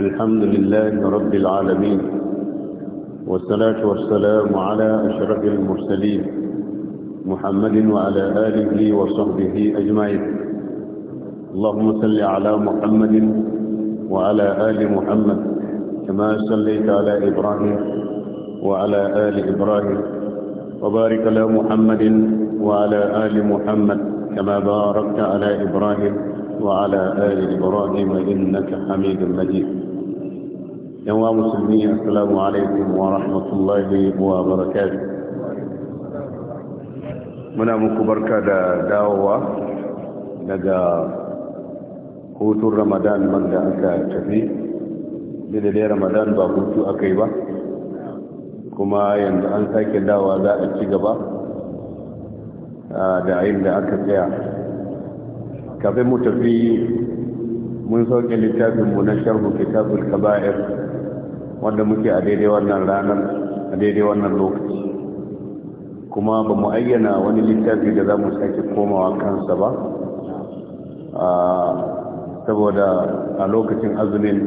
الحمد لله رب العالمين والصلاة والسلام على أشرف المرسلين محمد وعلى آله وصحبه أجمعين اللهم صل على محمد وعلى آل محمد كما صليت على إبراهيم وعلى آل إبراهيم وبارك على محمد وعلى آل محمد كما باركت على إبراهيم وعلى آل إبراهيم إنك حميد مجيد wa musulmi assalamu alaikum wa rahmatullahi wa barakatuh muna muku barka da dawowa daga hutun ramadan wanda aka tafi da ramadan ba hutu aka yi ba kuma yanzu an sake dawa za a ci gaba da inda aka tsaya kafin mu tafi mun sauke littafinmu na sharhu kitabul kaba'ir wanda muke a daidai wannan ranar a daidai wannan lokaci kuma ba mu ayyana wani littafi da za mu sake komawa kansa ba saboda a lokacin azumin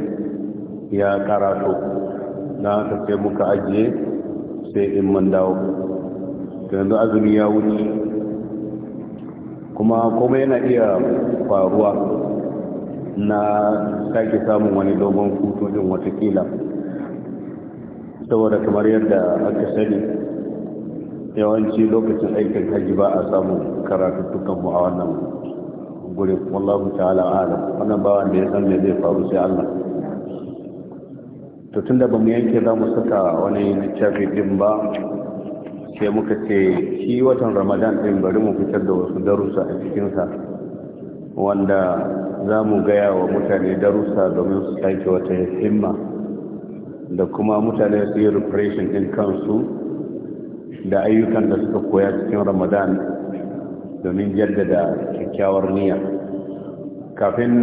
ya karato na haka sai muka ajiye sai in man dawo yanzu azumi ya wuce kuma komai yana iya faruwa na sake samun wani dogon hutu din watakila saboda kamar yadda aka sani yawanci lokacin aikin haji ba a samu karatuttukan mu a wannan gurin wallahu ta'ala alam wannan ba wanda ya san me zai faru sai Allah to tunda bamu yanke za mu saka wani littafi din ba sai muka ce shi watan Ramadan din bari mu fitar da wasu darussa a cikin sa wanda za mu gaya wa mutane darussa domin su sake wata himma da kuma mutane su yi refreshing din kansu da ayyukan da suka koya cikin ramadan domin jaddada kyakkyawar niyya kafin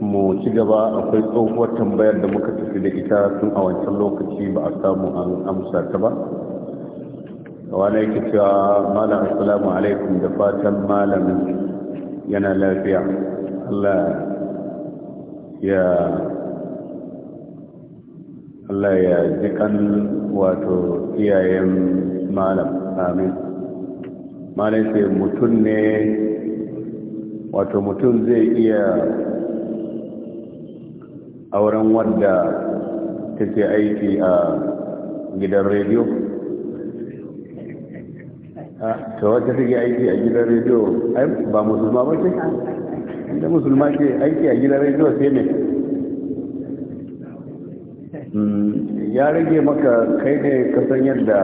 mu ci gaba akwai tsohuwar tambayar da muka tafi da ita tun a wancan lokaci ba a samu an amsa ta ba wani yake cewa malam assalamu alaikum da fatan malam yana lafiya allah ya Allah ya ji kan wato iyayen malam amin malam ce mutum ne wato mutum zai iya auren wadda take aiki a gidan rediyo ta wata take aiki a gidan rediyo ba musulma ba ce inda musulma ce aiki a gidan rediyo sai ne Mm, ya rage maka kai ne kasan yadda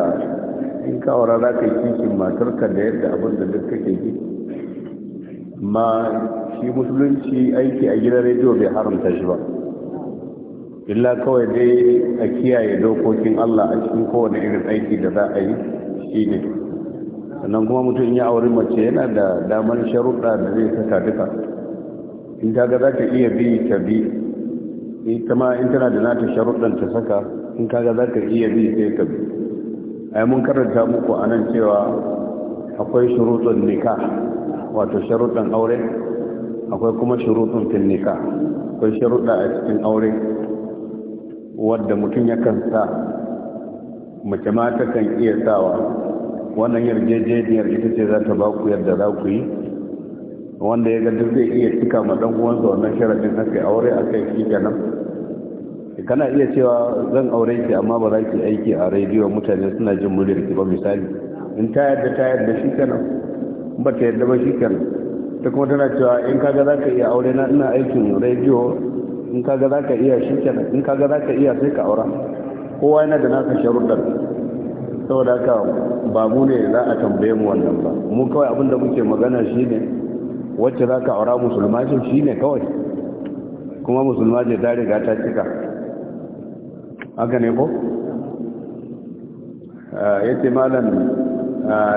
in kawara za ka yi kishin matarka da yadda abin da duk kake yi amma shi musulunci aiki a gidan rediyo bai haramta shi ba illa kawai dai a kiyaye dokokin allah a cikin kowane irin aiki da za a yi shi ne sannan kuma mutum ya auri mace yana da damar sharuɗa da zai saka duka in ta ga za ta iya bi ta bi ita ma in tana da nata sharuɗan ta saka in kaga za ka iya bi sai ka bi ai mun karanta muku a nan cewa akwai shuruɗun nika wato sharuɗan aure akwai kuma shuruɗin fil nika akwai sharuɗa a cikin aure wadda mutum yakan sa mace ma ta kan iya sawa wannan yarjejeniyar ita ce za ta ba ku yadda za ku yi wanda ya ga duk zai iya cika ma dan uwansa wannan sharadin na kai aure a kai shi kenan kana iya cewa zan aure ki amma ba za ki aiki a rediyo mutane suna jin muryar ki ba misali in ta yadda ta yadda shi kenan ba ta yadda ba shi kenan ta kuma tana cewa in kaga za ka iya aure na ina aikin rediyo in kaga za ka iya shi kenan in kaga za ka iya sai ka aura kowa yana da nasa sharuɗar saboda haka ba mu ne za a tambaye mu wannan ba mu kawai abin da muke magana shine wacce za ka aura musulma shi ne kawai kuma musulma ce ta riga ta cika haka ne ko? ya ce malam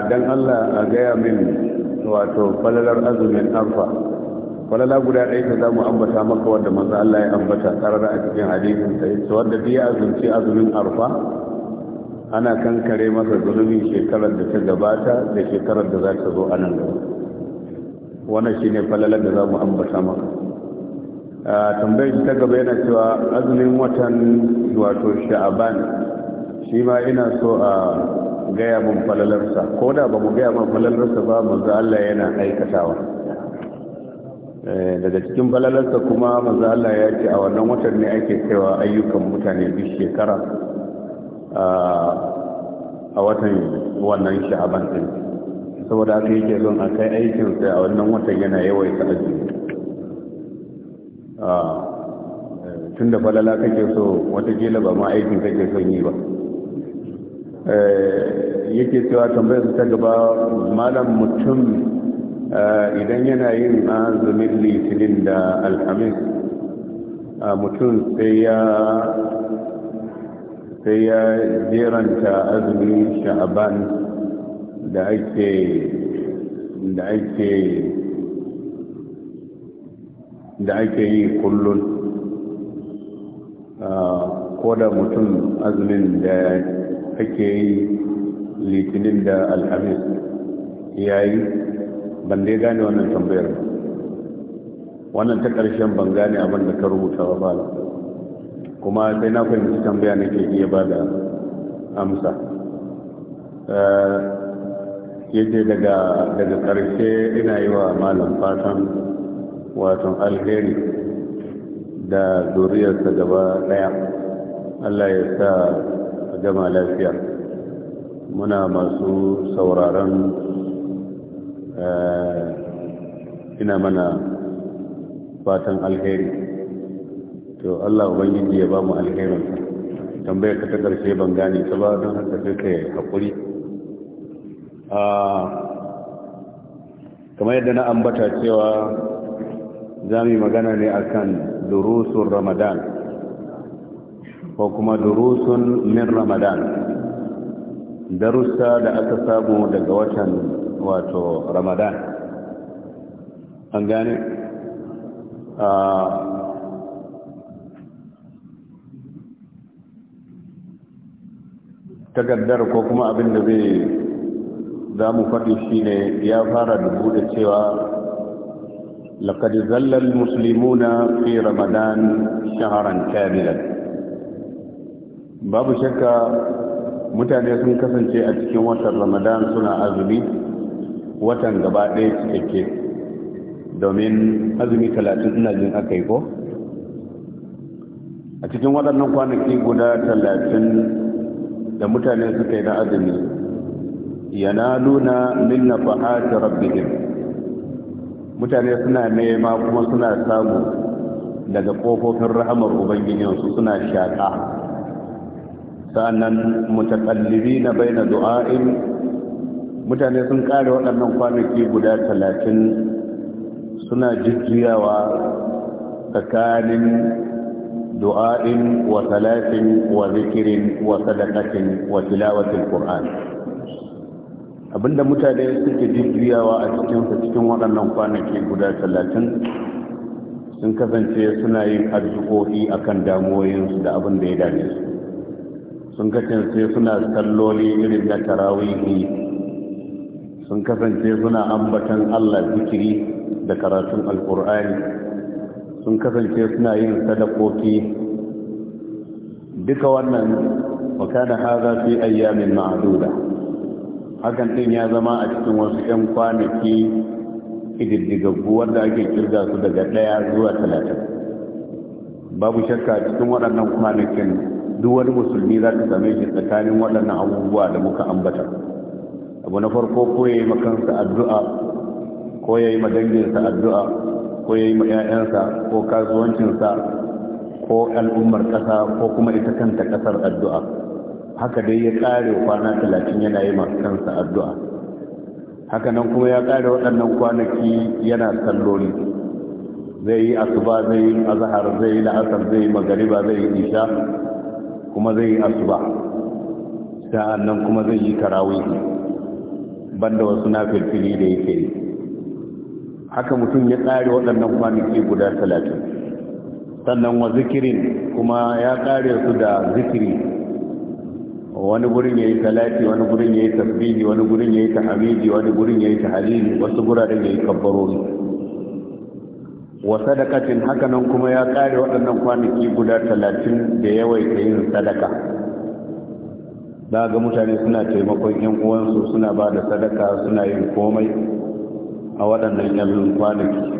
don allah a gaya min wato falalar azumin arfa falala guda ɗaya ta za mu ambata maka wadda masu allah ya ambata ƙarar a cikin ta yi su wadda biya azumci azumin arfa ana kankare masa zulumin shekarar da ta gabata da shekarar da za ta zo a nan gaba wannan shine falalar da za mu ambata maka tambayar ta gaba yana cewa azumin watan wato sha'aban shi ma ina so a gaya mun falalarsa ko da ba mu gaya mun falalarsa ba manzo Allah yana aikatawa eh, daga cikin falalarsa kuma manzo Allah ya ce a wannan watan ne ake kaiwa ayyukan mutane duk shekara a watan wannan sha'aban din saboda aka yake zon a kai aikin sai a wannan watan yana yawaita a ah, eh, tun da falala kake so watakila ba ma aikin kake son yi ba eh, yake cewa tambayar ta gaba malam mutum eh, idan yana yin azumin litinin da alhamis ah, mutum sai ya sai ya jeranta azumin sha'aban da ake da yi kullun ah, ko da mutum azumin da ake yi litinin da alhamis ya yi ban dai gane wannan tambayar wannan ta ƙarshen ban gane abin da ka rubuta ba ba kuma sai na fahimci tambaya nake iya ba da amsa ah, yake daga daga ƙarshe ina yi wa malam fatan wato alheri da zuriyarsa gaba ɗaya allah ya sa a gama lafiya muna masu sauraron eh, ina mana fatan alheri to allah ubangiji ya ba mu alherinsa tambayar ta ta ƙarshe ban gane ta ba don haka sai ka haƙuri kamar yadda na ambata cewa za mu yi magana ne akan durusun ramadan ko kuma durusun min ramadan darussa da aka samu daga watan wato ramadan an gane takardar ko kuma abin da zai za mu faɗi shi ne ya fara dubu da cewa laƙadi zallar na fi ramadan shaharan kamilan babu shakka mutane sun kasance a cikin watan ramadan suna azumi watan gaba ɗaya cikakke domin azumi talatin ina jin aka yi ko a cikin waɗannan kwanaki guda talatin da mutane suka yi na azumi yanaluna min nafahati rabbihim mutane suna nema kuma suna samu daga kofofin rahamar ubangijinsu suna shaƙa sa'annan mutakallibi na baina du'a'in mutane sun kare waɗannan kwanaki guda talatin suna jijiyawa tsakanin du'a'in wa wa zikirin wa sadakatin wa tilawatin qur'an abinda mutane suke jirgiyawa a cikinsa cikin waɗannan kwanaki guda talatin sun kasance suna yin a kan damuwoyinsu da abin da ya dame su sun kasance suna salloli irin na tarawihi sun kasance suna ambatan allah zikiri da karatun alkur'ani sun kasance suna yin sadakoki duka wannan wakana haza fi ayyamin ma'aduda hakan ɗin ya zama a cikin wasu 'yan kwanaki ididdigaggu wanda ake kirga su daga ɗaya zuwa talatin babu shakka cikin waɗannan kwanakin duk wani musulmi za ka same shi tsakanin waɗannan abubuwa da muka ambata abu na farko ko ya yi makansa addu'a ko ya yi madanginsa addu'a ko ya yi ma 'ya'yansa ko kasuwancinsa ko al'ummar ƙasa ko kuma ita kanta ƙasar addu'a haka dai ya kare kwana talatin yana yi masu kansa addu'a haka nan kuma ya kare waɗannan kwanaki yana salloli zai yi asuba zai yi azahar zai yi la'asar zai yi magariba zai yi isha kuma zai yi asuba sa'an nan kuma zai yi Ban banda wasu na filfili da yake yi haka mutum ya tsare waɗannan kwanaki guda talatin sannan wa zikirin kuma ya kare su da zikiri wani gurin yi talati wani gurin yayi tasbihi wani gurin yayi tahmidi wani gurin yayi tahlili wasu guraren yayi kabbaroni wa sadakatin nan kuma ya kare waɗannan kwanaki guda talatin da yawaita yin sadaka za ga mutane suna taimakon yan uwansu suna ba da sadaka suna yin komai a waɗannan yan kwanaki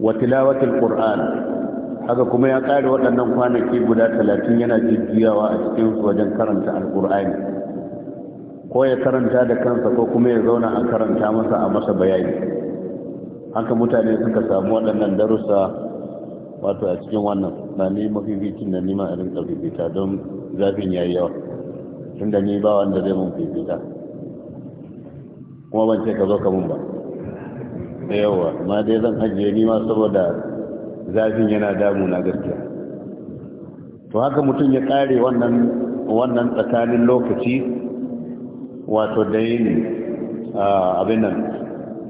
wa tilawatul qur'an haka kuma ya ƙare waɗannan kwanaki guda talatin yana jujjuyawa a cikinsu wajen karanta Alƙur'ani. ko ya karanta da kansa ko kuma ya zauna a karanta masa a masa bayani haka mutane suka samu waɗannan darussa wato a cikin wannan na ni mafificin da nima a rinka fifita don zafin ya yi yawa tun da ni ba wanda zai mun fifita kuma ban ce ka zo ka mun ba da yawa ma dai zan ajiye ni ma saboda zafin yana damu na gaskiya to haka mutum ya kare wannan wannan tsakanin lokaci wato da yin abin nan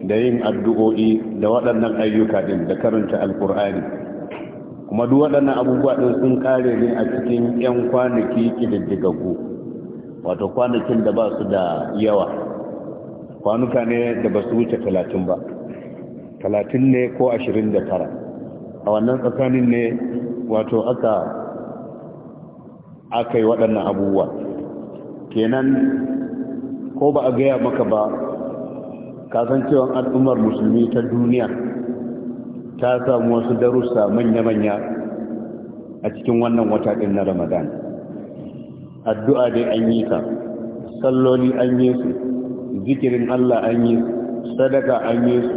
da yin addu'o'i da waɗannan ayyuka din da karanta alkur'ani kuma duk waɗannan abubuwa ɗin sun kare ne a cikin 'yan kwanaki ƙididdigaggu wato kwanakin da ba su da yawa kwanuka ne da ba su wuce talatin ba talatin ne ko ashirin da tara a wannan tsakanin ne wato aka aka yi waɗannan abubuwa kenan ko ba a gaya maka ba kasancewar al'ummar musulmi ta duniya ta samu wasu darussa manya-manya a cikin wannan wata ɗin na ramadan addu'a dai an yi ta salloli an yi su zikirin allah an yi sadaka an yi su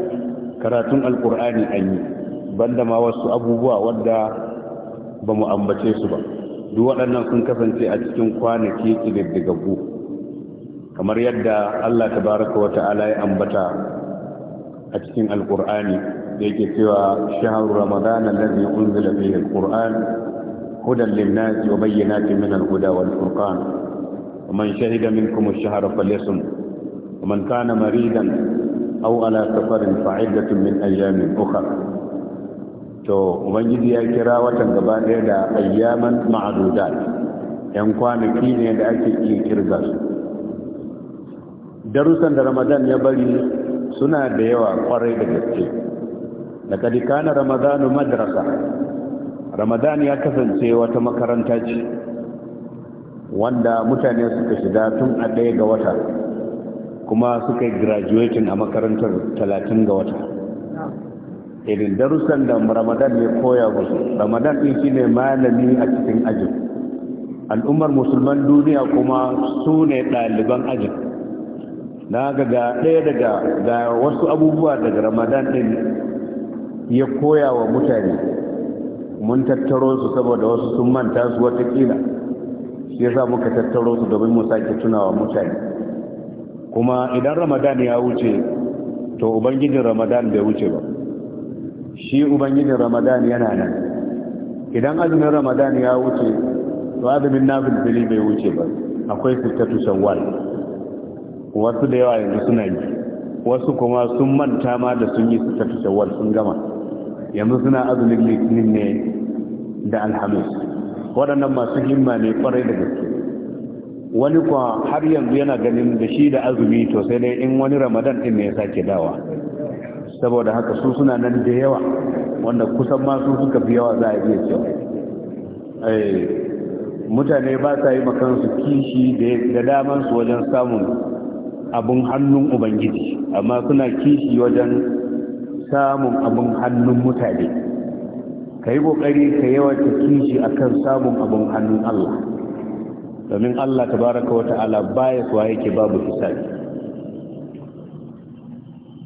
karatun alƙur'ani an yi banda ma wasu abubuwa wadda ba mu ambace su ba duk waɗannan sun kasance a cikin kwanaki ƙididdigaggu kamar yadda Allah tabaraka wa ta'ala ya ambata a cikin alƙur'ani da yake cewa Ramadana na allazi unzila fiye alqur'an hudan lin-nasi wa bayyinatin min al-huda wal-furqan ومن شهد منكم الشهر فليصم ومن كان مريدا أو على سفر فعدة من أيام أخرى to ubangiji ya kira watan gaba ɗaya da ayyaman ma'adudat yan kwanaki ne da ake iya kirga su darussan da ramadan ya bari suna da yawa kwarai da gaske da kadikana ramadanu madrasa ramadan ya kasance wata makaranta ce wanda mutane suka shiga tun a ɗaya ga wata kuma suka yi graduating a makarantar talatin ga wata irin darussan da ramadan ya koya musu ramadan din shine malami a cikin ajin al'ummar musulman duniya kuma su ne ɗaliban ajin na ga ɗaya daga ga wasu abubuwa daga ramadan ɗin ya koya wa mutane mun tattaro su saboda wasu sun manta su watakila shi sa muka tattaro su domin mu sake tunawa mutane kuma idan ramadan ya wuce to ubangijin ramadan bai wuce ba shi ubangijin ramadan yana nan idan azumin ramadan ya wuce to azumin nafil fili bai wuce ba akwai sittatu shawwal wasu da yawa yanzu suna yi wasu kuma sun manta ma da sun yi sittatu shawwal sun gama yanzu suna azumin litinin ne da alhamis waɗannan masu himma ne kwarai da gaske wani kuwa har yanzu yana ganin da shi da azumi to sai dai in wani ramadan din ne ya sake dawa saboda haka su suna nan da yawa wanda kusan masu suka fi yawa za a iya cewa eh, mutane ba sa yi makansu kishi da damansu wajen samun abin hannun ubangiji amma suna kishi wajen samun abin hannun mutane ka yi ƙoƙari ka yawata kishi akan samun abin hannun allah domin allah tabaraka wa ta'ala baya suwa yake babu hisabi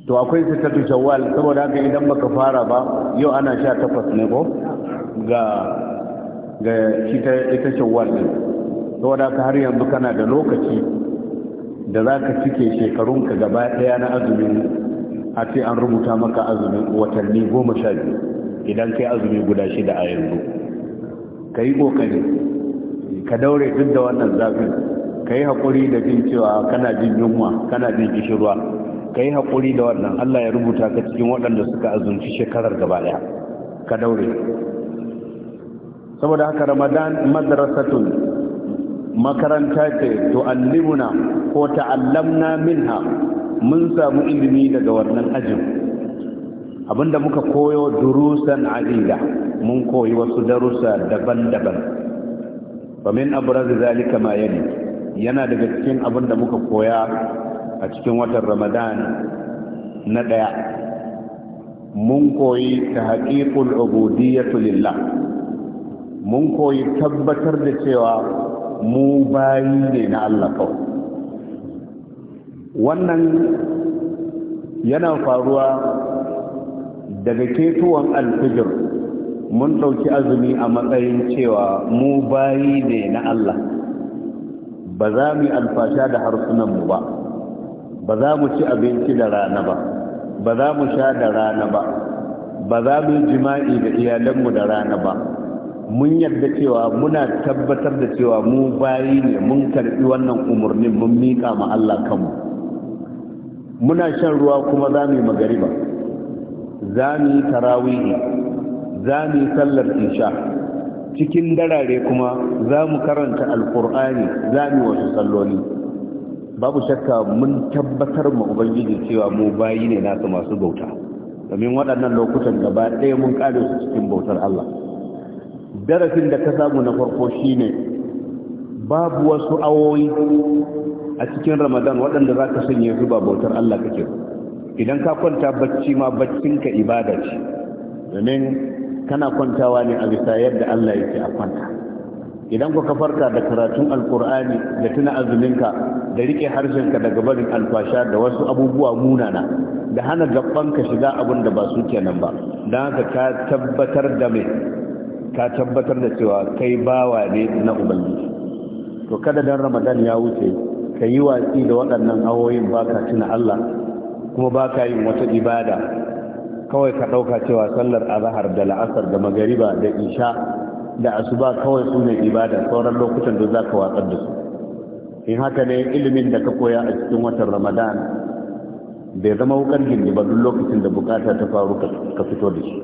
to akwai sitatu shawwal saboda haka idan baka fara ba yau ana sha takwas ne ko ga ga ta ita shawwal ne saboda haka har yanzu kana da lokaci da za ka cike shekarunka gaba ɗaya na azumin a ce an rubuta maka azumin watanni goma sha biyu idan kai azumi guda shida a yanzu ka yi ka daure duk da wannan zafin ka yi haƙuri da jin cewa kana jin yunwa kana jin kishirwa ka yi haƙuri da wannan Allah ya rubuta ka cikin waɗanda suka azunci shekarar gaba ɗaya ka daure saboda haka ramadan madrasatun makaranta ce to allimuna ko ta'allamna minha mun samu ilimi daga wannan ajin abinda muka koyo durusan azila mun koyi wasu darussa daban-daban wa min abrazi zalika ma yana daga cikin abinda muka koya a cikin watan ramadan na ɗaya mun koyi ta haƙiƙul ubudiyatu lillah mun koyi tabbatar da cewa mu bayi ne na Allah wannan yana faruwa daga ketuwan alfijir mun ɗauki azumi a matsayin cewa mu bayi ne na Allah ba za mu yi alfasha da harsunanmu ba ba za mu ci abinci da rana ba ba za mu sha da rana ba ba za mu yi jima'i da iyalanmu da rana ba mun yarda cewa muna tabbatar da cewa mu bayi ne mun karbi wannan umarnin mun miƙa ma Allah kanmu muna shan ruwa kuma za mu yi magariba za mu yi tarawihi za mu yi sallar isha cikin darare kuma za mu karanta Alƙur'ani za mu wasu salloli babu shakka mun tabbatar ma ubangiji cewa mu bayi ne nasa masu bauta domin waɗannan lokutan gaba ɗaya mun ƙare su cikin bautar Allah darasin da ka samu na farko shine babu wasu awoyi a cikin ramadan waɗanda za ka sanya su ba bautar Allah kake idan ka kwanta bacci ma ka ibada ce domin kana kwantawa ne a bisa yadda Allah yake a kwanta idan ku kafarta da karatun alkur'ani da tuna azuminka da rike harshenka daga barin alfasha da wasu abubuwa munana da hana ka shiga abin da ba su kenan ba don haka ka tabbatar da mai ka tabbatar da cewa kai bawa ne na ubangiji to kada dan ramadan ya wuce ka yi watsi da waɗannan hawoyin baka tuna allah kuma baka yin wata ibada kawai ka ɗauka cewa sallar azahar da la'asar da magariba da isha da asuba kawai su ibada sauran lokutan da za ka watsar da su in haka ne ilimin da ka koya a cikin watan ramadan bai zama wukar gindi ba duk lokacin da bukata ta faru ka fito da shi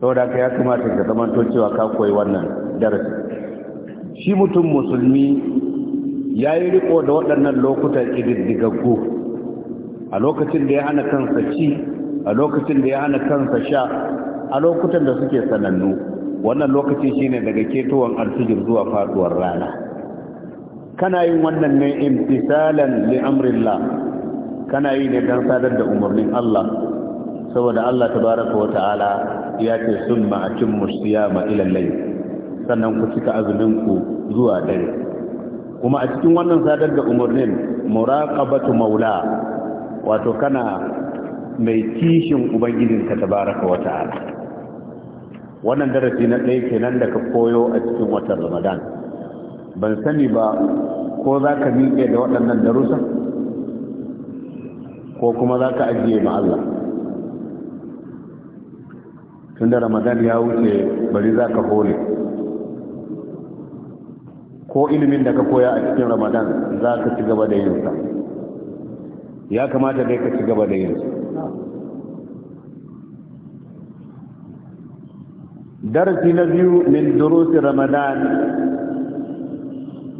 saboda ka ya kamata ka zama to cewa ka koyi wannan darasi shi mutum musulmi ya yi riko da waɗannan lokutan ƙididdigaggu a lokacin da ya hana kansa ci a lokacin da ya hana kansa sha a lokutan da suke sanannu wannan lokaci shine daga ketowar alfijir zuwa faduwar rana kana yin wannan ne imtisalan li amrillah kana yi ne don sadar da umarnin Allah saboda Allah tabaraka wa ta'ala ya ce sun atimmu siyama ila sannan ku cika azumin ku zuwa dare kuma a cikin wannan sadar da umarnin muraqabatu maula wato kana mai kishin ubangijinka tabaraka wa ta'ala wannan darasi na ɗaya kenan da ka koyo a cikin watan ramadan ban sani ba ko za ka miƙe da waɗannan darussa ko kuma za ka ajiye ma Allah tun da ramadan ya wuce bari za ka hole ko ilimin da ka koya a cikin ramadan za ka ci gaba da yinsa ya kamata dai ka ci gaba da yinsa darasi na biyu min durusi ramadan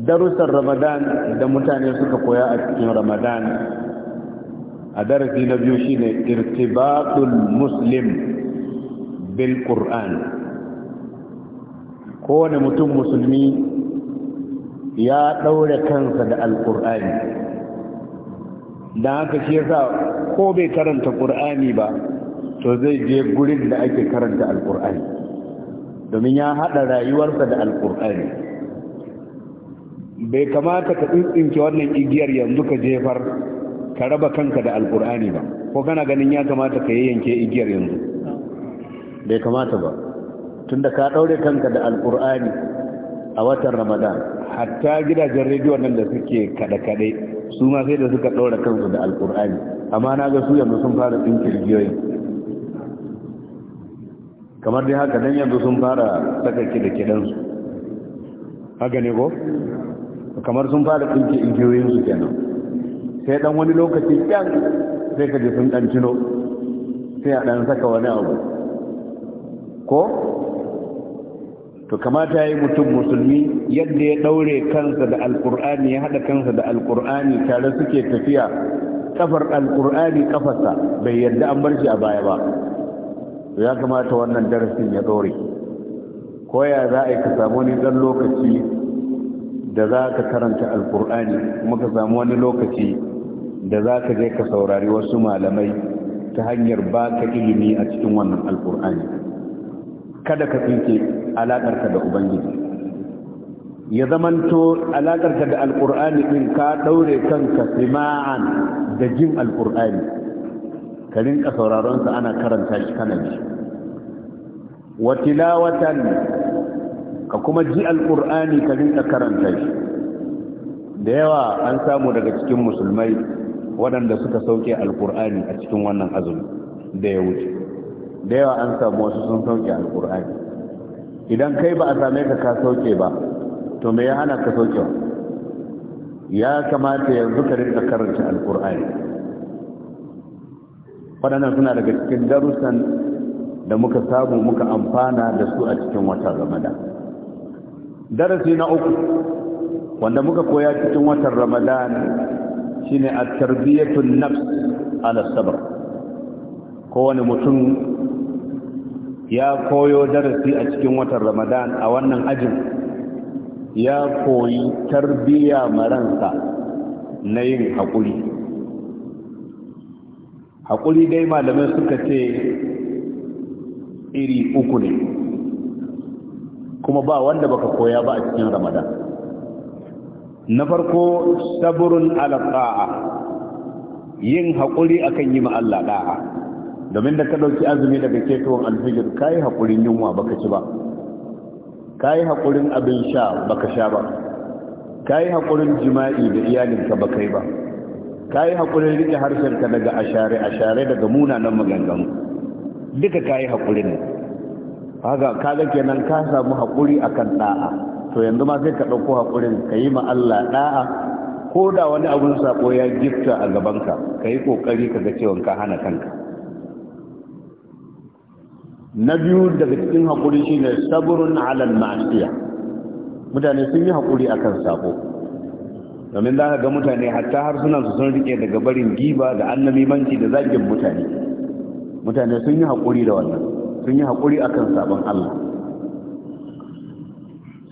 darussan ramadan da mutane suka koya a cikin ramadan a darasi na biyu shine irtibatul muslim bil qur'an kowane mutum musulmi ya ɗaure kansa da alƙur'ani don haka shi yasa ko bai karanta ƙur'ani ba to zai je gurin da ake karanta alƙur'ani domin ya haɗa rayuwarsa da alƙur'ani bai kamata ka tsintsinke wannan igiyar yanzu ka jefar ka raba kanka da alƙur'ani ba ko kana ganin ya kamata ka yanke igiyar yanzu bai kamata ba tunda ka ɗaure kanka da alƙur'ani a watan ramadan hatta gidajen rediyo nan da suke kaɗe-kaɗe su ma sai da suka ɗaura kansu da alƙur'ani amma na ga su yanzu sun fara tsinke igiyoyin kamar dai haka dan yanzu sun fara saka da kidansu haka ne ko kamar sun fara tsinke injiyoyinsu kenan sai dan wani lokaci kyan sai ka ji sun dan cino sai a dan saka wani abu ko to kamata yi mutum musulmi yadda ya daure kansa da alkur'ani ya hada kansa da alkur'ani tare suke tafiya kafar alkur'ani kafarsa bai yadda an bar shi a baya ba to ya kamata wannan darasin ya dore koya za a yi ka samu wani ɗan lokaci da za ka karanta alkur'ani kuma ka samu wani lokaci da za ka je ka saurari wasu malamai ta hanyar ba ka ilimi a cikin wannan alkur'ani kada ka tsinke alaƙarka da ubangiji ya zamanto alaƙarka da alkur'ani ɗin ka ɗaure kanka sima'an da jin alkur'ani ka rinka sauraron sa ana karanta shi kana ji wa tilawatan ka kuma ji alqur'ani ka rinka karanta shi da yawa an samu daga cikin musulmai waɗanda suka sauke alqur'ani a cikin wannan azumi da ya wuce da yawa an samu wasu sun sauke alqur'ani idan kai ba a same ka ka sauke ba to me ya hana ka sauke ya kamata yanzu ka rinka karanta alqur'ani waɗannan suna daga cikin darussan da muka samu muka amfana da su a cikin watan ramadan darasi na uku wanda muka koya cikin watan ramadan shine a tarbiyatun nafs ala sabr kowane mutum ya koyo darasi a cikin watan ramadan a wannan ajin ya koyi tarbiya maransa na yin haƙuri haƙuri dai malamai suka ce iri uku ne kuma ba wanda baka koya ba a cikin ramadan na farko saburun alaƙa'a yin haƙuri akan yi ma'alla ɗa'a domin da ka ɗauki azumi daga ketowar alfijir ka yi haƙurin yunwa baka ci ba ka yi haƙurin abin sha baka sha ba ka yi haƙurin jima'i da iyalinka baka yi ba ka yi haƙurin riƙe harshenka daga ashare ashare daga munanan maganganu duka ka yi haƙurin ne haka kaga kenan ka samu haƙuri akan ɗa'a to yanzu ma sai ka ɗauko haƙurin ka yi ma Allah ɗa'a ko da wani abun saƙo ya gifta a gabanka ka yi ƙoƙari ka ga cewa ka hana kanka na biyu daga cikin haƙuri shine sabrun alal ma'asiya mutane sun yi haƙuri akan saƙo domin za ka ga mutane hatta har suna su sun rike daga barin giba da manci da zagin mutane mutane sun yi haƙuri da wannan sun yi haƙuri akan sabon Allah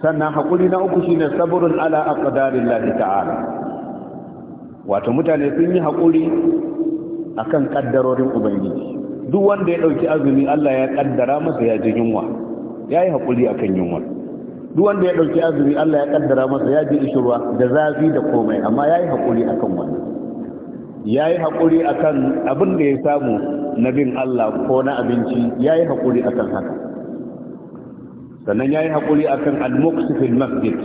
sannan haƙuri na uku shine saburin ala aqdarillahi ta'ala wato mutane sun yi haƙuri akan ƙaddarorin ubangiji duk wanda ya ɗauki azumi Allah ya ƙaddara masa ya ji yunwa ya yi haƙuri akan yunwa duk wanda ya ɗauki azumi Allah ya kaddara masa ya ji ishirwa da zafi da komai amma ya yi haƙuri a kan wannan ya yi haƙuri a kan abin da ya samu na bin Allah ko na abinci ya yi haƙuri a kan haka sannan ya yi haƙuri a kan almuksifin masjid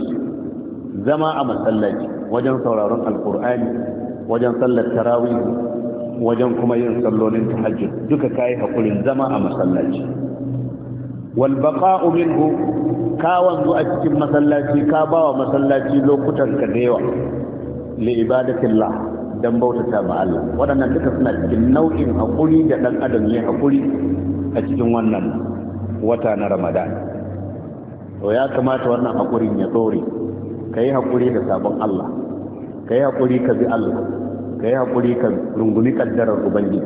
zama a masallaci wajen sauraron alƙur'ani wajen sallar tarawih wajen kuma yin sallolin tahajjud duka ka yi haƙurin zama a masallaci wal baqa'u minhu ka wanzu a cikin masallaci ka ba wa masallaci lokutan ka da yawa li ibadatillah dan bautata ma Allah waɗannan duka suna cikin nau'in hakuri da dan adam ya hakuri a cikin wannan wata na Ramadan to ya kamata wannan hakurin ya dore kai hakuri da sabon Allah kai hakuri ka bi Allah kai hakuri ka rungumi kaddarar ubangiji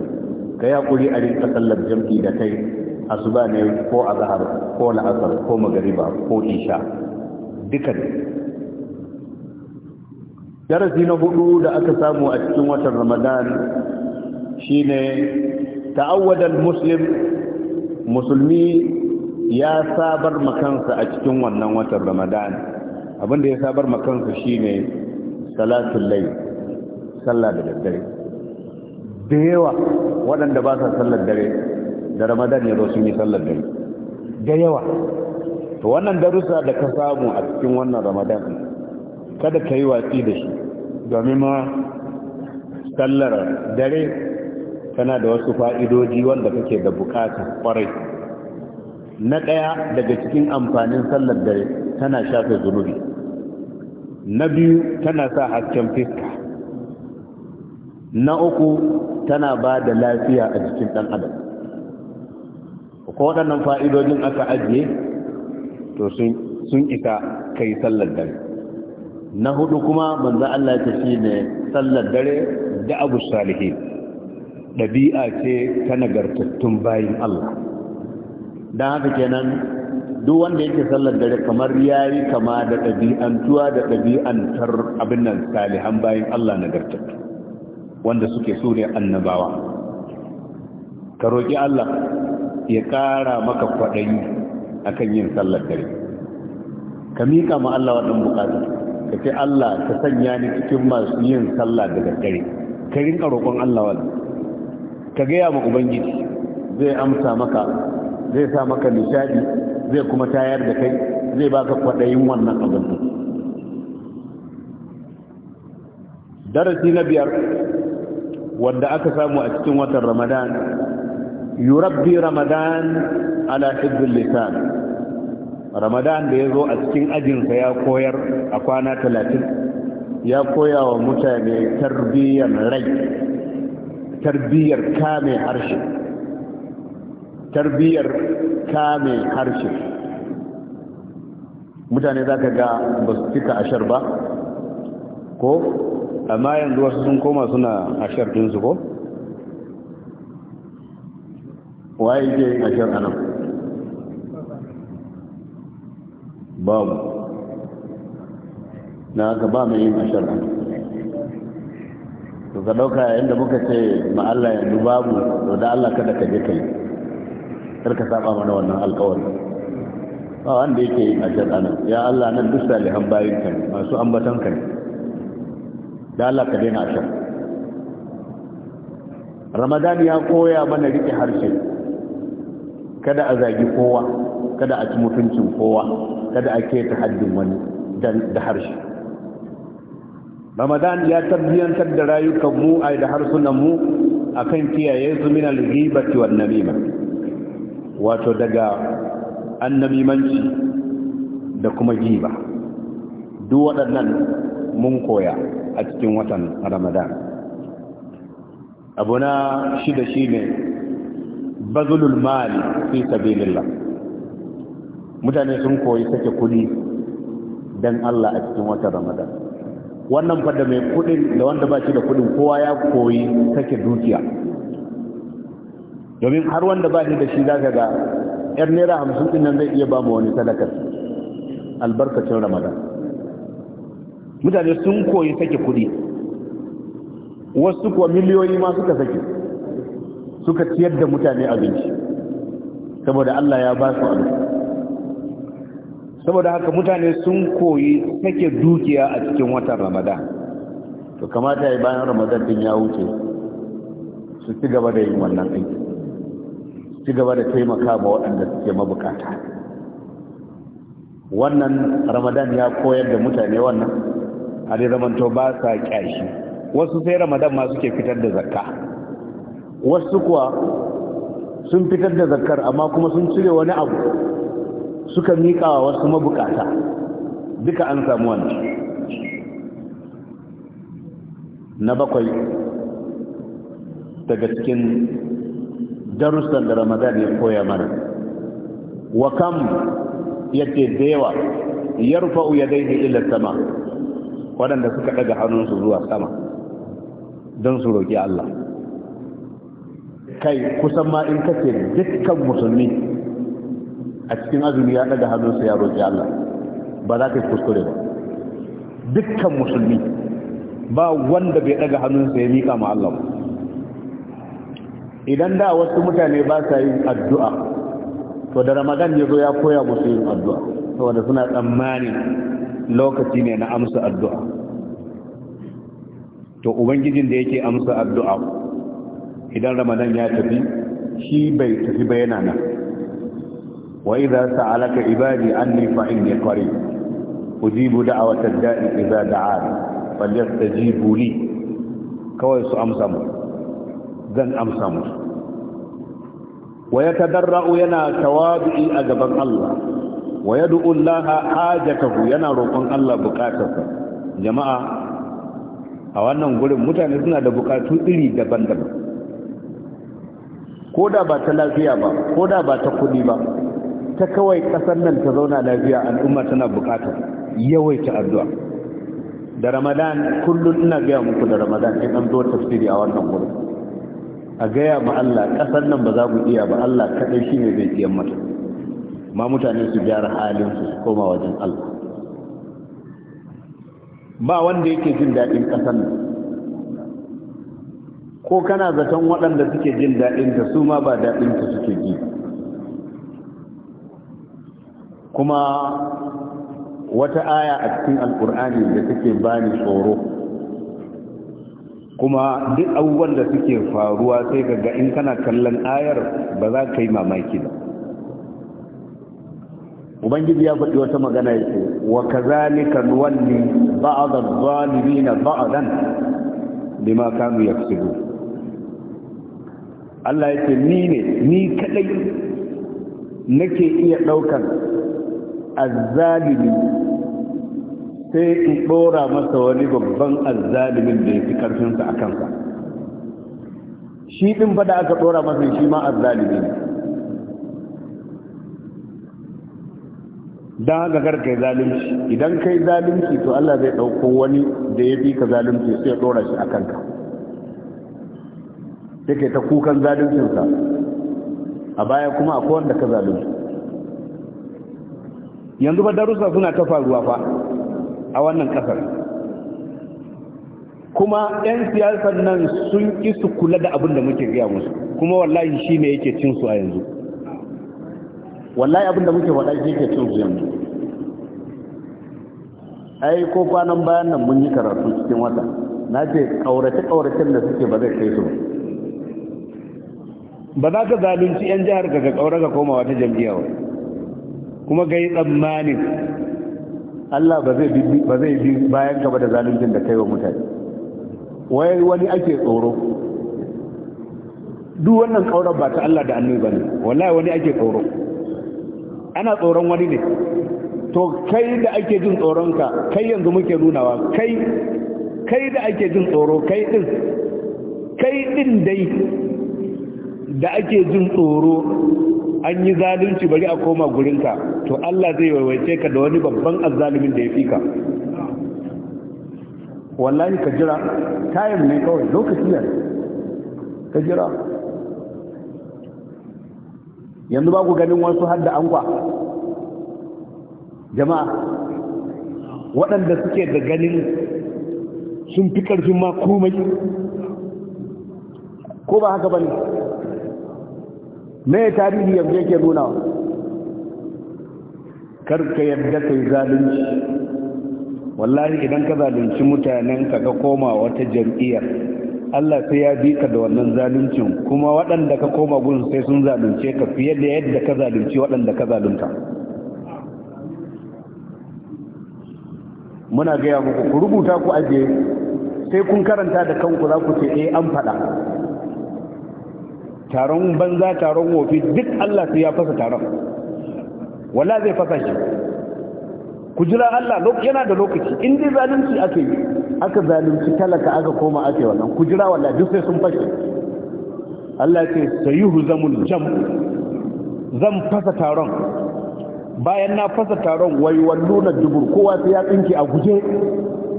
kai hakuri a rinka sallar jam'i da kai asuba ne ko azhar ko la'asar ko magariba ko isha duka ne darasi na hudu da aka samu a cikin watan ramadan shine ta'awwadal muslim musulmi ya sabar makansa a cikin wannan watan ramadan abinda ya sabar makansa shine salatul layl sallah da daddare da yawa waɗanda ba sa sallar dare da ramadan ya zo sun yi sallar dare da yawa to wannan darussa da ka samu a cikin wannan ramadan kada ka yi watsi da shi domin ma sallar dare tana da wasu fa'idoji wanda kake da bukata kwarai na ɗaya daga cikin amfanin sallar dare tana shafe zunubi na biyu tana sa hasken fiska na uku tana ba da lafiya a jikin ɗan adam ko waɗannan fa'idojin aka ajiye to sun isa kai sallar dare na hudu kuma manzo Allah ta shi ne sallar dare da abu salihin ɗabi'a ce ta nagartattun bayan Allah don haka kenan duk wanda yake sallar dare kamar yayi kama da ɗabi'antuwa da ɗabi'antar abin salihan bayan Allah nagartattu wanda suke sune annabawa ka roƙi Allah ya ƙara maka kwaɗayi akan yin sallar dare ka miƙa ma Allah waɗin buƙatu ka ce Allah ka sanya ni cikin masu yin sallah da daddare ka rinka roƙon Allah wannan ka gaya ma ubangiji zai amsa maka zai sa maka nishadi zai kuma tayar da kai zai baka kwaɗayin wannan abin darasi na biyar wanda aka samu a cikin watan ramadan yurabbi ramadan ala hibbul lisan ramadan da ya zo a cikin ajinsa ya koyar a kwana talatin ya koya wa mutane tarbiyyar rai tarbiyyar kame harshe tarbiyyar kame harshe mutane zaka ga ba su cika ashar ba ko amma yanzu wasu sun koma suna ashar su ko? waye je a jar anan babu na haka ba mai yin ashar anan to ka ɗauka yayin da muka ce ma Allah duba mu to da Allah kada ka je kai kar ka saba mana wannan alƙawari ba wanda yake yin ashar anan ya Allah nan duk salihan bayin ka masu ambatan ka da Allah ka daina ashar Ramadan ya koya mana rike harshe kada a zagi kowa kada a ci mutuncin kowa kada a keta haddin wani da harshe ramadan ya tabbiyantar da rayukan mu a da harsunan mu akan kiyaye su min al-ghibati wan namima wato daga annamimanci da kuma giba duk waɗannan mun koya a cikin watan ramadan abu na shida ne. bazulul mali fi sabilillah mutane sun koyi sake kudi dan Allah a cikin watan Ramadan wannan fa da mai kudin da wanda ba shi da kudin kowa ya koyi sake dukiya domin har wanda ba shi da shi zaka ga yar naira hamsin din nan zai iya ba mu wani sadakar albarkacin Ramadan mutane sun koyi sake kudi wasu kuwa miliyoyi ma suka sake suka ciyar da mutane abinci saboda Allah ya ba su abinci saboda haka mutane sun koyi sake dukiya a cikin watan ramadan to kamata ya bayan ramadan din ya wuce su ci gaba da yin wannan aiki su ci gaba da taimaka ma waɗanda suke mabukata wannan ramadan ya koyar da mutane wannan har zamanto ba sa kyashi wasu sai ramadan ma suke fitar da zakka wasu kuwa sun fitar da zakar amma kuma sun cire wani abu suka miƙa wa wasu mabukata duka an samu wani na bakwai daga cikin darussan da ramadan ya koya mana wa kam yake da yawa ya daina ila sama waɗanda suka ɗaga hannunsu zuwa sama don su roƙi Allah kai kusan ma in kace dukkan musulmi a cikin azumi ya daga hannunsa ya roƙi Allah ba za ka kuskure ba dukkan musulmi ba wanda bai daga hannunsa ya mika ma Allah idan da wasu mutane ba sa yin addu'a to da ramadan ya zo ya koya musu yin addu'a saboda suna tsammani lokaci ne na amsa addu'a to ubangijin da yake amsa addu'a idan ramadan ya tafi shi bai tafi ba yana nan wa idza sa'alaka ibadi anni fa inni qarib ujibu da'wata da'i idza da'ani falyastajibu li kawai su amsa mu zan amsa mu wa yatadarra'u yana tawadu'i a gaban Allah wa yad'u Allah hajatahu yana roƙon Allah bukatarsa jama'a a wannan gurin mutane suna da bukatu iri daban-daban ko da ba ta lafiya ba ko da ba ta kudi ba ta kawai kasar nan ta zauna lafiya al'umma tana bukatar yawaita addu'a da ramadan kullum ina gaya muku da ramadan in an zo tafsiri a wannan wurin a gaya ma Allah kasar nan ba za ku iya ba Allah kaɗai shi ne zai iya mata ma mutane su gyara halin su koma wajen Allah ba wanda yake jin daɗin kasar nan ko kana zaton waɗanda suke jin daɗinta su ma ba daɗinta suke ji kuma wata aya a cikin alkur'ani da take bani tsoro kuma duk abubuwan da suke faruwa sai ga in kana kallon ayar ba za ka yi mamaki ba ubangiji ya faɗi wata magana ya ce wa ka kazalika nuwalli ba'd adh-dhalimin ba'dan bima kanu yafsidun Allah ya ce ni ne ni kadai nake iya daukan azzalimi sai in dora masa wani babban azzalimin da ya fi karfinsa a kansa shi din fa da aka dora masa shi ma azzalimi ne don haka kar kai zalunci idan kai zalunci to Allah zai dauko wani da ya fi ka zalunci sai ya dora shi a kanka take ta kukan zaluncinsa a baya kuma akwai wanda ka zalunci yanzu ba darussa suna ta faruwa fa a wannan kasar kuma 'yan siyasar nan sun isu kula da abin da muke gaya musu kuma wallahi shi ne yake cinsu a yanzu wallahi abin da muke faɗa shi yake cinsu yanzu ai ko kwanan bayan nan mun yi karatu cikin wata na ce ƙaurace-ƙauracen da suke ba zai kai su ba ba za ka zalunci 'yan jihar ka kaura ka komawa ta jam'iyya wa kuma ga yi tsammanin Allah ba zai bi bayan gaba da zaluncin da kai wa mutane wai wani ake tsoro duk wannan ƙaurar ba ta Allah da annu ba ne wallahi wani ake tsoro ana tsoron wani ne to kai da ake jin tsoronka kai yanzu muke nunawa kai kai da ake jin tsoro kai din kai din dai da ake jin tsoro an yi zalunci bari a koma gurinka to Allah zai waiwaice ka da wani babban azzalumin da ya fi ka wallahi ka jira tayin ne kawai lokaci ne ka jira yanzu ba ku ganin wasu hadda ankwa jama'a waɗanda suke da ganin sun fi ƙarfin ma komai ko ba haka ba ne me tarihi yanzu yake nuna karka yadda kai zalunci wallahi idan ka zalunci mutanen ka ka koma wata jam'iyyar Allah sai ya bi ka da wannan zaluncin kuma waɗanda ka koma gun sai sun zalunce ka fiye da yadda ka zalunci waɗanda ka zalunta muna gaya muku ku rubuta ku aje sai kun karanta da kanku za ku ce eh an faɗa taron banza taron wofi duk Allah sai ya fasa taron walla zai fasa shi ku jira Allah yana da lokaci in dai zalunci ake yi aka zalunci talaka aka koma ake wannan ku jira walla duk sai sun fashe Allah ce sayyuhu zamul jam zan fasa taron bayan na fasa taron wai walluna dubur kowa sai ya tsinke a guje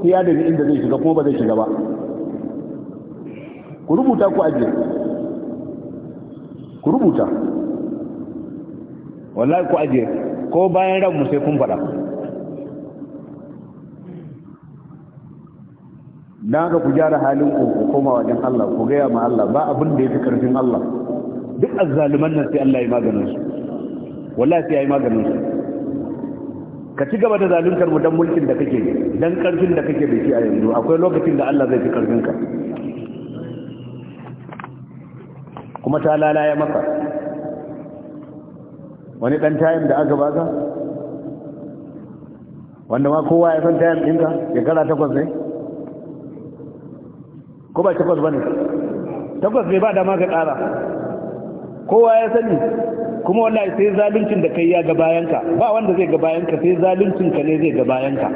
sai ya da inda zai shiga ko ba zai shiga ba ku rubuta ku ajiye ku rubuta wallahi ku aje ko bayan ran mu sai kun faɗa na ga ku gyara halin ku ku koma wajen Allah ku gaya ma Allah ba abin da fi karfin Allah duk azzaluman nan sai Allah ya maganin su wallahi sai ya maganin su ka ci gaba da zaluntar mu dan mulkin da kake dan karfin da kake da shi a yanzu akwai lokacin da Allah zai fi karfin ka kuma ta lalaya maka wani ɗan tayin da aka baka wanda ma kowa ya san tayin ɗinka gara takwas ne ko ba takwas ba ne takwas ne ba dama ka ƙara kowa ya sani kuma wallahi sai zaluncin da kai ya ga bayanka ba wanda zai ga bayanka sai zaluncin ka ne zai ga bayanka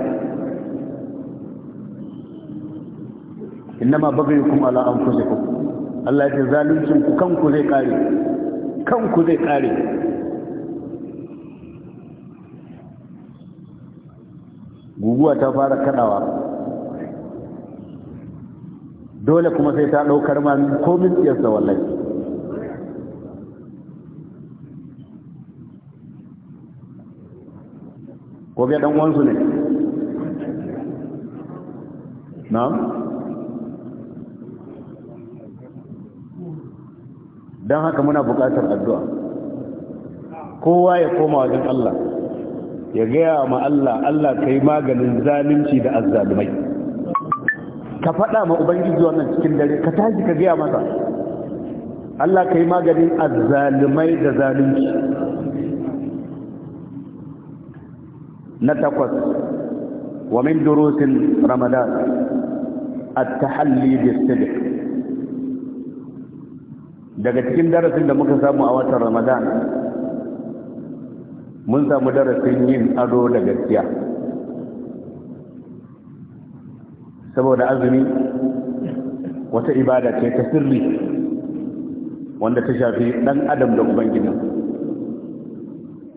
innama bagayukum ala anfusikum Allah ya ce zaluncin ku kanku zai kare kanku zai kare guguwa ta fara kadawa dole kuma sai ta daukar ma komin tsiyarsa wallahi ko bai dan wansu ne na'am don haka muna buƙatar addu'a kowa ya koma wajen Allah ya gaya ma Allah Allah ka yi maganin zalunci da azzalumai ka faɗa ma ubangiji wannan cikin dare ka tashi ka gaya masa Allah ka yi maganin azzalumai da zalunci na takwas wa min durusin ramadan at-tahalli bis daga cikin darasin da muka samu a watan ramadan mun samu darasin yin ado da gaskiya saboda azumi wata ibada ce ta sirri wanda ta shafi dan adam da ubangiji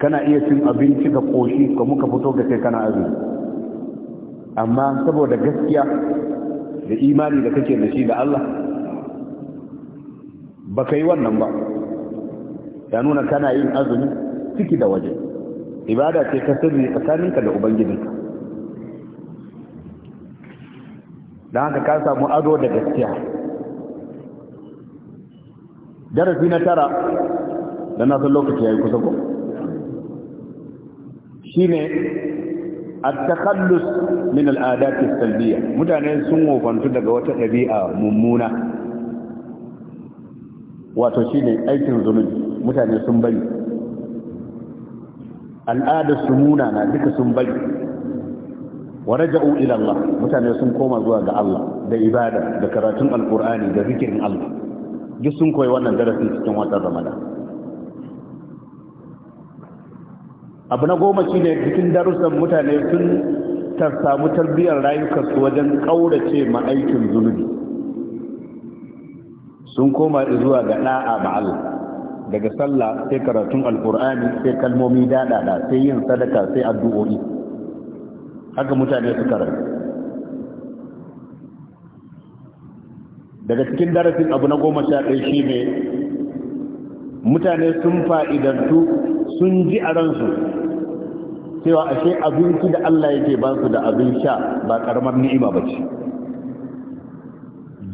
kana iya cin abinci ka koshi ka muka fito ka kai kana azumi amma saboda gaskiya da imani da kake da shi da Allah ba ka yi wannan ba ya nuna kana yin azumi ciki da waje ibada ce ta sirri tsakaninka da ubangijinka da haka ka samu ado da gaskiya darasi na tara da nasu lokaci ya yi kusa Shi ne a takallus min al-adat mutane sun wofantu daga wata ɗabi'a mummuna wato shi ne aikin zunubi mutane sun bari al'adar su muna na duka sun bari wa raja'u ila Allah mutane sun koma zuwa ga Allah da ibada da karatun alqur'ani da zikirin Allah duk sun koyi wannan darasin cikin watan Ramadan abu na goma shine cikin darussan mutane sun tarsamu samu tarbiyyar rayukansu wajen kaurace ma aikin zunubi sun koma zuwa ga da'a ma daga sallah sai karatun alkur'ani sai kalmomi daɗaɗa sai yin sadaka sai addu'o'i haka mutane su rayu daga cikin darasin abu na goma sha ɗaya shi ne mutane sun fa'idantu sun ji a ransu cewa ashe abinci da Allah yake ba su da abin sha ba ƙaramar ni'ima ba ce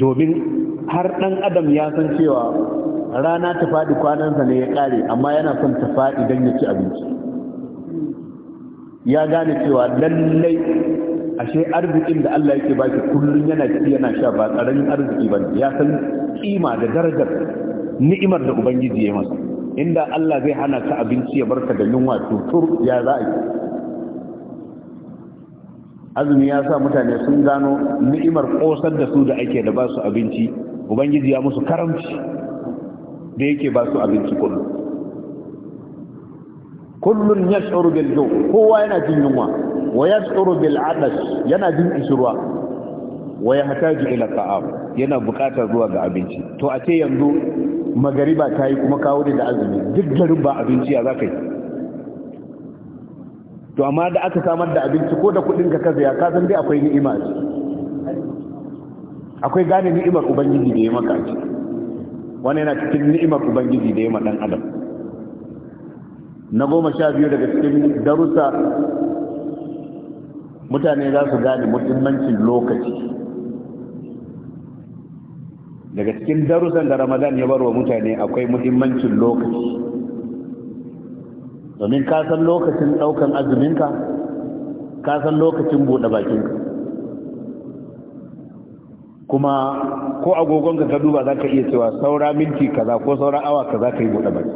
domin har ɗan adam ya san cewa rana ta faɗi kwanansa ne ya ƙare amma yana son ta faɗi don ya ci abinci ya gane cewa lallai ashe arzikin da Allah yake ba shi kullum yana ci yana sha ba ƙaramin arziki ba ya san kima da darajar ni'imar da ubangiji ya masa inda Allah zai hana ka abinci ya barka da yunwa tutur ya za a azumi ya sa mutane sun gano ni'imar kosar da su da ake da ba su abinci ubangiji ya musu karamci da yake ba su abinci kullum kullum ya tsoro bil zo kowa yana jin yunwa wa ya tsoro bil adas yana jin ishirwa wa ya hataji ila ta'am yana bukatar zuwa ga abinci to a ce yanzu magariba ta yi kuma kawo da azumi duk garin ba abinci ya za ka yi to amma da aka samar da abinci ko da kudin ka kaza ya kasan dai akwai ni'ima ce akwai gane ni'imar ubangiji da ya maka ce Wani yana cikin ni'imar ubangiji da ya ma adam na goma sha biyu daga cikin darussa mutane za su gane muhimmancin lokaci daga cikin darussan da ramadan ya bar wa mutane akwai muhimmancin lokaci domin ka san lokacin ɗaukan azuminka ka san lokacin buɗe bakinka kuma ko agogonka ka duba za ka iya cewa saura minti kaza ko saura awa kaza ka yi buɗe baki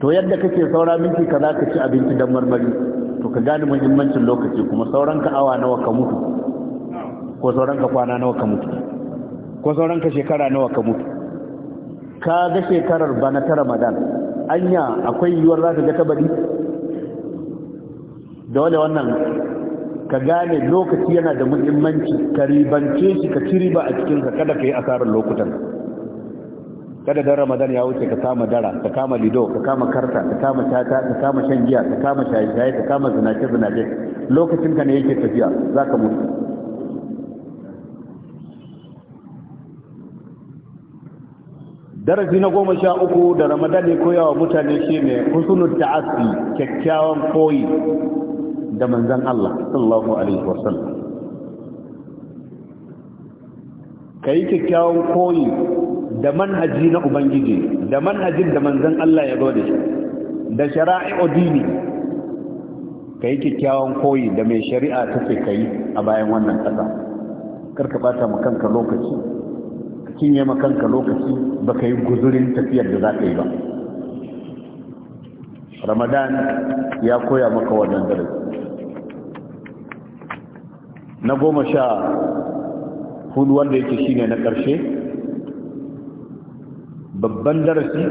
to yadda kake saura minti kaza ka ci abinci don marmari to ka gane muhimmancin lokaci kuma sauranka awa nawa ka mutu ko sauranka kwana nawa ka mutu ko sauranka shekara nawa ka mutu ka ga shekarar bana ta ramadan anya akwai yiwuwar za ka ga kabari dole wannan ka gane lokaci yana da muhimmanci ka ribance shi ka ci riba a cikinsa kada ka yi asarar lokutan kada da ramadan ya wuce ka kama dara ka kama lido ka kama karta ka kama tata ka kama shan giya ka kama shaye-shaye ka kama zinace-zinace lokacin ka ne yake tafiya za ka mutu darasi na goma sha uku da ramadan ne wa mutane shi ne husnul ta'asi kyakkyawan koyi da manzan Allah sallallahu alaihi wasallam yi kyakkyawan koyi da manhaji na ubangiji da manhajin da manzan Allah ya zo da shi da odini, ka yi kyakkyawan koyi da mai shari'a ta ce yi a bayan wannan kasa karka bata ta kanka lokaci cinye ma kanka lokaci baka yi guzurin tafiyar da za ka yi ba ramadan ya koya maka wannan dare na goma sha hudu wanda yake shine na ƙarshe babban darasi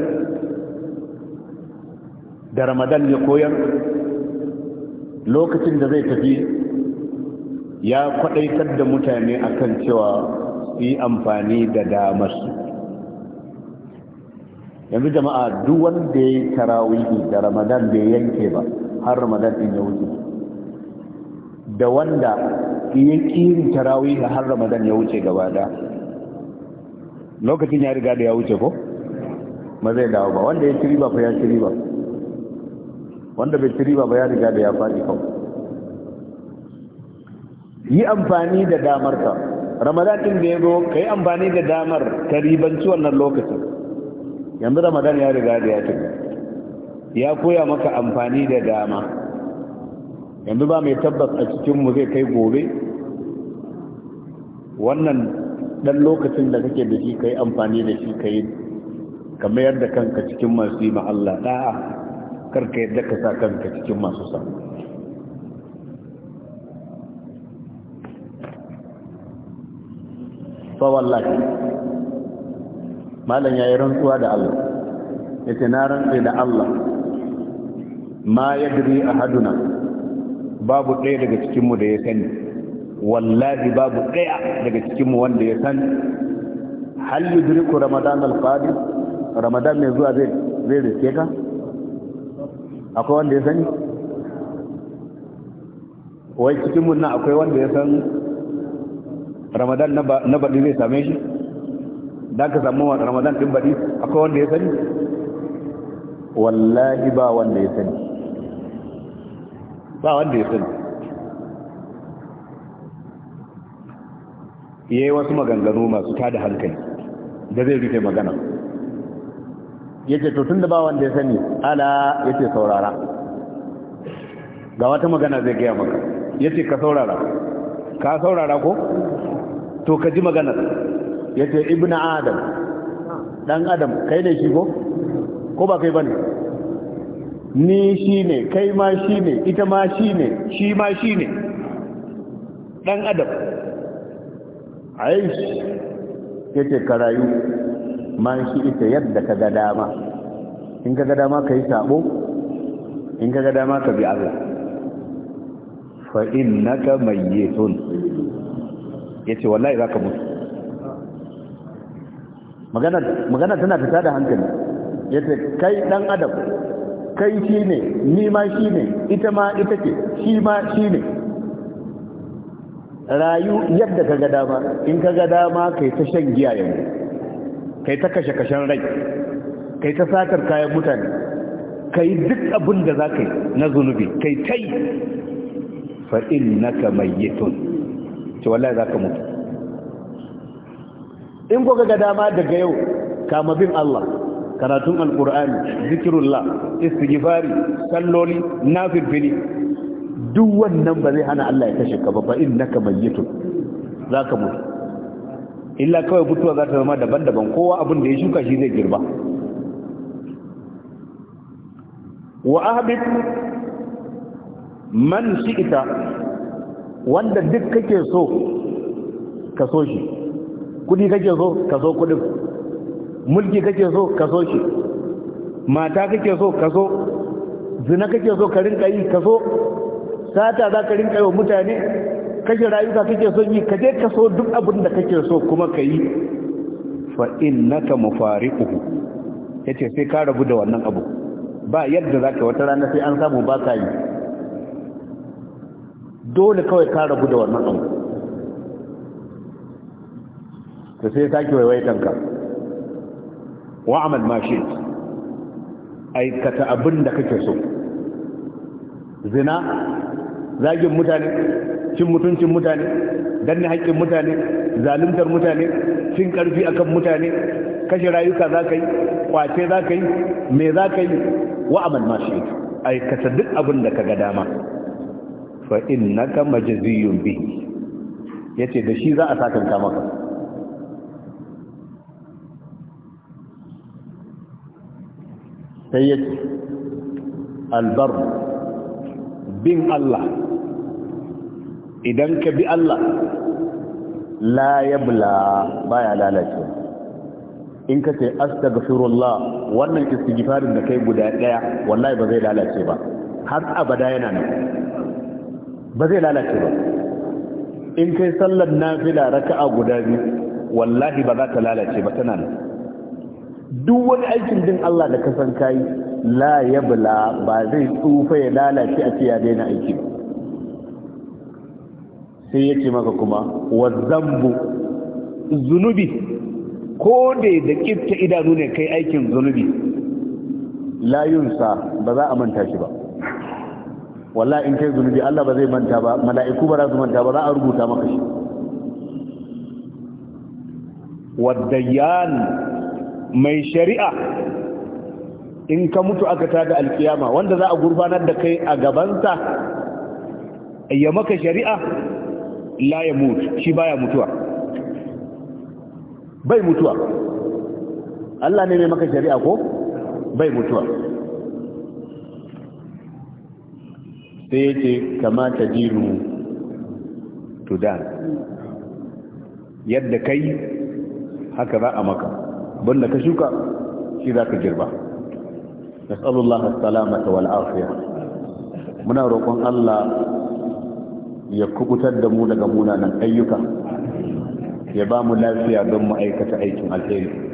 da ramadan ya koya. lokacin da zai tafi ya kwadaitar da mutane akan cewa su yi amfani da damar su yanzu jama'a duk wanda ya yi tarawihi da ramadan bai yanke ba har ramadan ɗin ya wuce da wanda ya ƙirin tarawihi har ramadan ya wuce gaba da lokacin ya riga da ya wuce ko ma zai dawo ba wanda ya ci ba fa ya shiri ba, wanda bai shiri ba ba ya riga da ya faɗi kawai yi amfani da damar damarka ramadan din da ya zo ka yi amfani da damar ta ribanci wannan lokacin yanzu ramadan ya riga da ya tafi ya koya maka amfani da dama yanzu ba mai tabbas a cikinmu zai kai gobe wannan dan lokacin da kake da shi ka yi amfani da shi ka yi ka mayar da kanka cikin masu yi ma'alla ɗa'a karka yadda ka sa kanka cikin masu samu fawallahi malam yi rantsuwa da Allah yace na rantsa da Allah ma yadri ahaduna babu ɗaya daga cikin mu da ya sani wallahi babu ɗaya daga cikin mu wanda ya sani hal yudriku ramadan alqadim ramadan mai zuwa zai zai riske ka akwai wanda ya sani wai cikin na akwai wanda ya san ramadan na baɗi zai same shi don ka samu ramadan ɗin baɗi akwai wanda ya sani wallahi ba wanda ya sani ba wanda ya sani ya yi wasu maganganu masu tada hankali da zai rufe magana ya ce tun da ba wanda ya sani ala ya ce saurara ga wata magana zai gaya maka ya ce ka saurara ka saurara ko to ka ji maganar ya ce ibn adam dan adam kai ne shi ko ko ba kai bane ni shi ne kai ma shi ne ita ma shi ne shi ma shi ne dan adam aish ya ce ka rayu ma shi ita yadda ka gada dama in ka gada dama ka yi sabo in ka gada dama ka bi Allah fa innaka mayyitun ya ce wallahi za ka mutu magana tana fita da hankali ya ce kai dan adam kai shi ne ni shi ne ita ma ita ce shi ma shi ne rayu yadda ka ga dama in ka ga dama kai ta shan giya yanzu kai ta kashe kashen rai kai ta satar kayan mutane kai duk abin da za ka yi na zunubi kai yi fa'in na ka mayyatun ce wallahi za ka mutu in ko ga dama daga yau kama bin Allah karatun alkur'ani zikirullah istighfari salloli nafilfili duk wannan ba zai hana Allah ya kashe ka ba innaka mayyitun ka mutu illa kawai mutuwa za ta zama daban-daban kowa abin da ya shuka shi zai girba wa ahbib man shi'ta wanda duk kake so ka so shi kudi kake so ka so kudin mulki kake so ka so shi mata kake so ka so zina kake so ka rinka yi ka so sata za ka rinka yi wa mutane kashe rayuka kake so yi ka je ka so duk abin da kake so kuma ka yi fa innaka mufariquhu yace sai ka rabu da wannan abu ba yadda zaka wata rana sai an samu ba ka yi dole kawai ka rabu da wannan abu ta sai sake waiwaitanka wa'amal ma shi aikata abin da kake so zina zagin mutane cin mutuncin mutane danne haƙƙin mutane zaluntar mutane cin ƙarfi akan mutane kashe rayuka za ka yi kwace za ka yi me za ka yi wa'amal ma shi aikata duk abin da ka ga dama fa innaka majziyun bihi yace da shi za a sakanka maka sai yace albar bin Allah idan ka bi Allah la yabla baya lalace in ka ce astaghfirullah wannan istighfarin da kai guda daya wallahi ba zai lalace ba har abada yana nan ba zai lalace ba in kai sallar nafila raka'a guda biyu wallahi ba za ta lalace ba tana nan duk wani aikin din Allah da ka san kai la yabla ba zai tsufa ya lalace a cikin ya daina aiki sai ya maka kuma wa zambu zunubi ko da da kifta idanu ne kai aikin zunubi layunsa ba za a manta shi ba wallahi in kai zunubi Allah ba zai manta ba mala'iku ba za su manta ba za a rubuta maka shi wadayyan mai shari'a in ka mutu aka tada alkiyama wanda za a gurbanar da kai a gabansa ya maka shari'a la ya mutu shi baya mutuwa bai mutuwa Allah ne mai maka shari'a ko bai mutuwa sai ya ce kama ta jiru da yadda kai haka za a maka banda ka shuka shi za ka girba nasallallahu salamata wal afiya muna roƙon Allah ya kubutar da mu daga munanan ayyuka ya ba mu lafiya don ma'aikata aikin alheri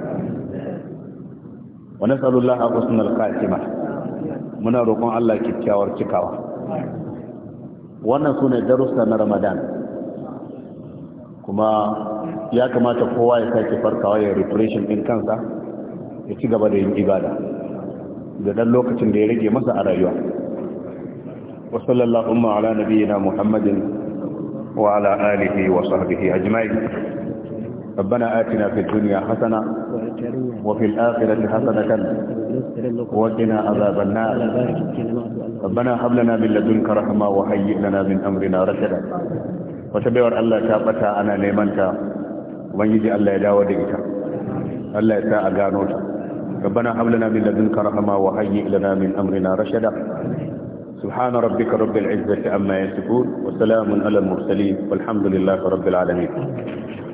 wa nasallallahu husnal khatima muna roƙon Allah kyakkyawar cikawa wannan su ne darussa na ramadan kuma ya kamata kowa ya sake farkawa ya refreshin ɗin kansa ya ci gaba da yin ibada da dan lokacin da ya rage masa a rayuwa wa sallallahu ala nabiyyina muhammadin wa ala alihi wa sahbihi ajma'in ربنا آتنا في الدنيا حسنة وفي الآخرة حسنة وقنا عذاب النار ربنا هب لنا من لدنك رحمة وهيئ لنا من أمرنا رشدا وتبيور الله تابتا أنا نيمانتا ومن يجي الله يداوى دئتا الله يساء قانوتا ربنا هب لنا من لدنك رحمة وهيئ لنا من أمرنا رشدا سبحان ربك رب العزة عما يصفون وسلام على المرسلين والحمد لله رب العالمين